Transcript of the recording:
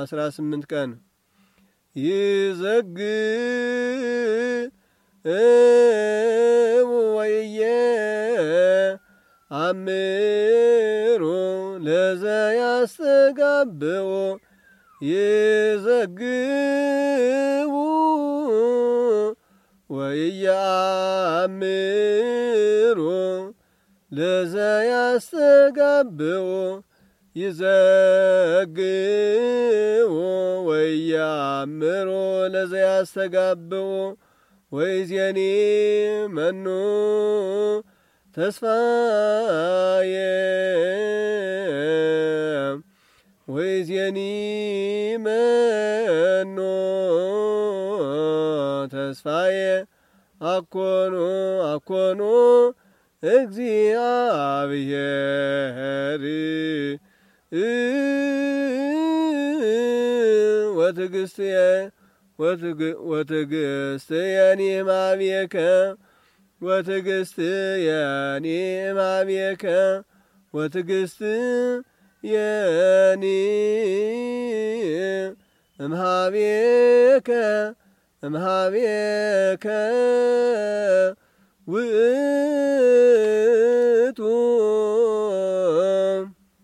አስራ ስምንት ቀን ይዘግ ወየ አምሮ ለዘ ያስተጋብኦ ይዘግቡ ወይያአምሮ ለዘ ያስተጋብኦ ተአምሮ ለዘያስተጋብኡ ወይዜኒ መኑ ተስፋዬ ወይዜኒ መኑ ተስፋዬ አኮኑ አኮኑ እግዚአብሔር ወትዕግሥትየኒ እማቤከ ወትዕግሥትየኒ እማቤከ ወትዕግሥትየኒ እምሃቤከ እምሃቤከ ውእ